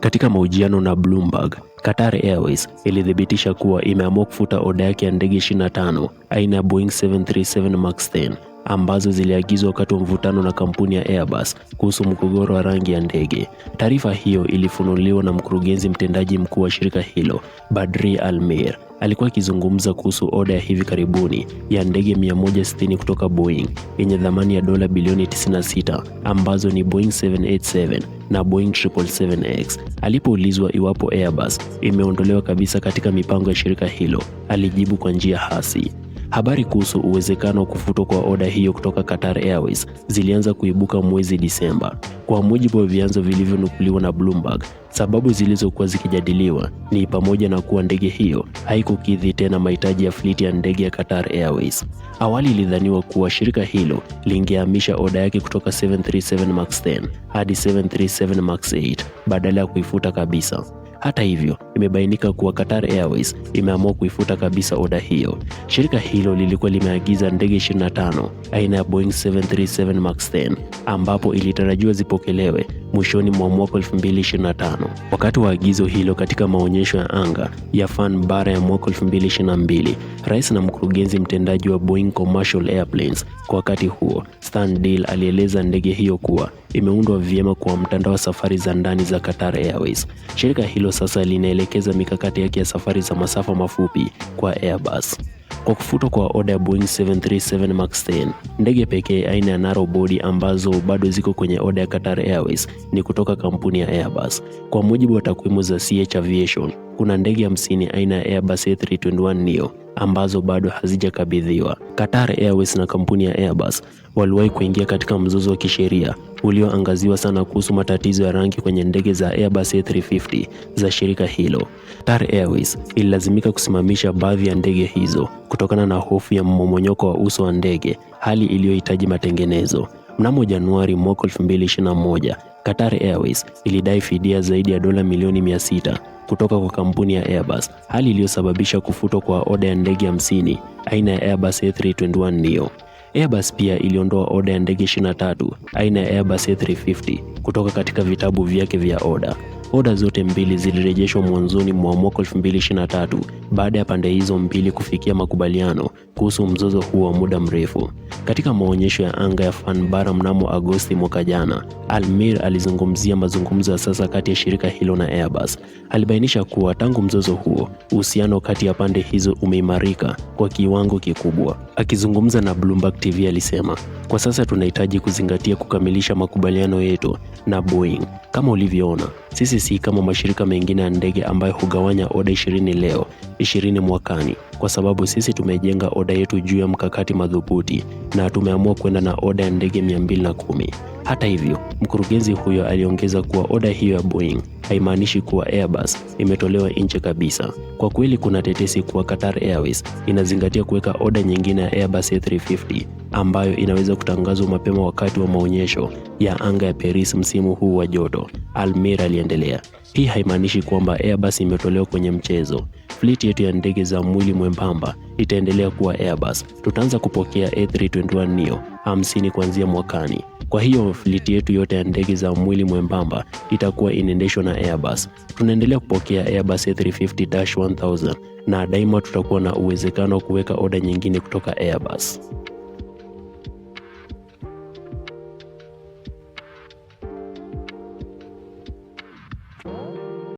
Katika mahojiano na Bloomberg, Qatar Airways ilithibitisha kuwa imeamua kufuta oda yake ya ndege 25 aina ya Boeing 737 Max 10 ambazo ziliagizwa wakati wa mvutano na kampuni ya Airbus kuhusu mgogoro wa rangi ya ndege. Taarifa hiyo ilifunuliwa na mkurugenzi mtendaji mkuu wa shirika hilo, Badri Almir, alikuwa akizungumza kuhusu oda ya hivi karibuni ya ndege 160 kutoka Boeing yenye thamani ya dola bilioni 96 ambazo ni Boeing 787 na Boeing 777X. Alipoulizwa iwapo Airbus imeondolewa kabisa katika mipango ya shirika hilo, alijibu kwa njia hasi. Habari kuhusu uwezekano wa kufutwa kwa oda hiyo kutoka Qatar Airways zilianza kuibuka mwezi Disemba. Kwa mujibu wa vyanzo vilivyonukuliwa na Bloomberg, sababu zilizokuwa zikijadiliwa ni pamoja na kuwa ndege hiyo haikukidhi tena mahitaji ya fliti ya ndege ya Qatar Airways. Awali ilidhaniwa kuwa shirika hilo lingehamisha oda yake kutoka 737 MAX 10 hadi 737 MAX 8 badala ya kuifuta kabisa. Hata hivyo imebainika kuwa Qatar Airways imeamua kuifuta kabisa oda hiyo. Shirika hilo lilikuwa limeagiza ndege 25 aina ya Boeing 737 Max 10 ambapo ilitarajiwa zipokelewe mwishoni mwa mwaka 2025. Wakati wa agizo hilo katika maonyesho ya anga ya Fan Bara ya mwaka 2022, rais na mkurugenzi mtendaji wa Boeing Commercial Airplanes kwa wakati huo, Stan Deal alieleza ndege hiyo kuwa imeundwa vyema kwa mtandao wa safari za ndani za Qatar Airways. Shirika hilo sasa linaeleza kuelekeza mikakati yake ya safari za masafa mafupi kwa Airbus. Kwa kufutwa kwa oda ya Boeing 737 Max 10, ndege pekee aina ya narrow body ambazo bado ziko kwenye oda ya Qatar Airways ni kutoka kampuni ya Airbus. Kwa mujibu wa takwimu za CH Aviation, kuna ndege 50 aina ya Airbus A321neo ambazo bado hazijakabidhiwa. Qatar Airways na kampuni ya Airbus waliwahi kuingia katika mzozo wa kisheria ulioangaziwa sana kuhusu matatizo ya rangi kwenye ndege za Airbus A350 za shirika hilo. Qatar Airways ililazimika kusimamisha baadhi ya ndege hizo kutokana na hofu ya mmomonyoko wa uso wa ndege, hali iliyohitaji matengenezo. Mnamo Januari mwaka 2021, Qatar Airways ilidai fidia zaidi ya dola milioni 600 kutoka kwa kampuni ya Airbus, hali iliyosababisha kufutwa kwa oda ya ndege 50 aina ya Airbus A321 neo. Airbus pia iliondoa oda ya ndege 23 aina ya Airbus A350 kutoka katika vitabu vyake vya oda. Oda zote mbili zilirejeshwa mwanzoni mwa mwaka 2023 baada ya pande hizo mbili kufikia makubaliano kuhusu mzozo huo wa muda mrefu. Katika maonyesho ya anga ya Fanbara mnamo Agosti mwaka jana, Almir alizungumzia mazungumzo ya sasa kati ya shirika hilo na Airbus. Alibainisha kuwa tangu mzozo huo, uhusiano kati ya pande hizo umeimarika kwa kiwango kikubwa. Akizungumza na Bloomberg TV alisema, kwa sasa tunahitaji kuzingatia kukamilisha makubaliano yetu na Boeing. Kama ulivyoona, sisi si kama mashirika mengine ya ndege ambayo hugawanya oda 20 leo 20 mwakani, kwa sababu sisi tumejenga oda yetu juu ya mkakati madhubuti na tumeamua kwenda na oda ya ndege 210. Hata hivyo, mkurugenzi huyo aliongeza kuwa oda hiyo ya Boeing haimaanishi kuwa Airbus imetolewa nje kabisa. Kwa kweli, kuna tetesi kuwa Qatar Airways inazingatia kuweka oda nyingine ya Airbus A350 ambayo inaweza kutangazwa mapema wakati wa maonyesho ya anga ya Paris msimu huu wa joto, Almir aliendelea. Hii haimaanishi kwamba Airbus imetolewa kwenye mchezo. Fliti yetu ya ndege za mwili mwembamba itaendelea kuwa Airbus. Tutaanza kupokea A321neo 50 kuanzia mwakani. Kwa hiyo fliti yetu yote ya ndege za mwili mwembamba itakuwa inaendeshwa na Airbus. Tunaendelea kupokea Airbus A350-1000 na daima tutakuwa na uwezekano wa kuweka oda nyingine kutoka Airbus.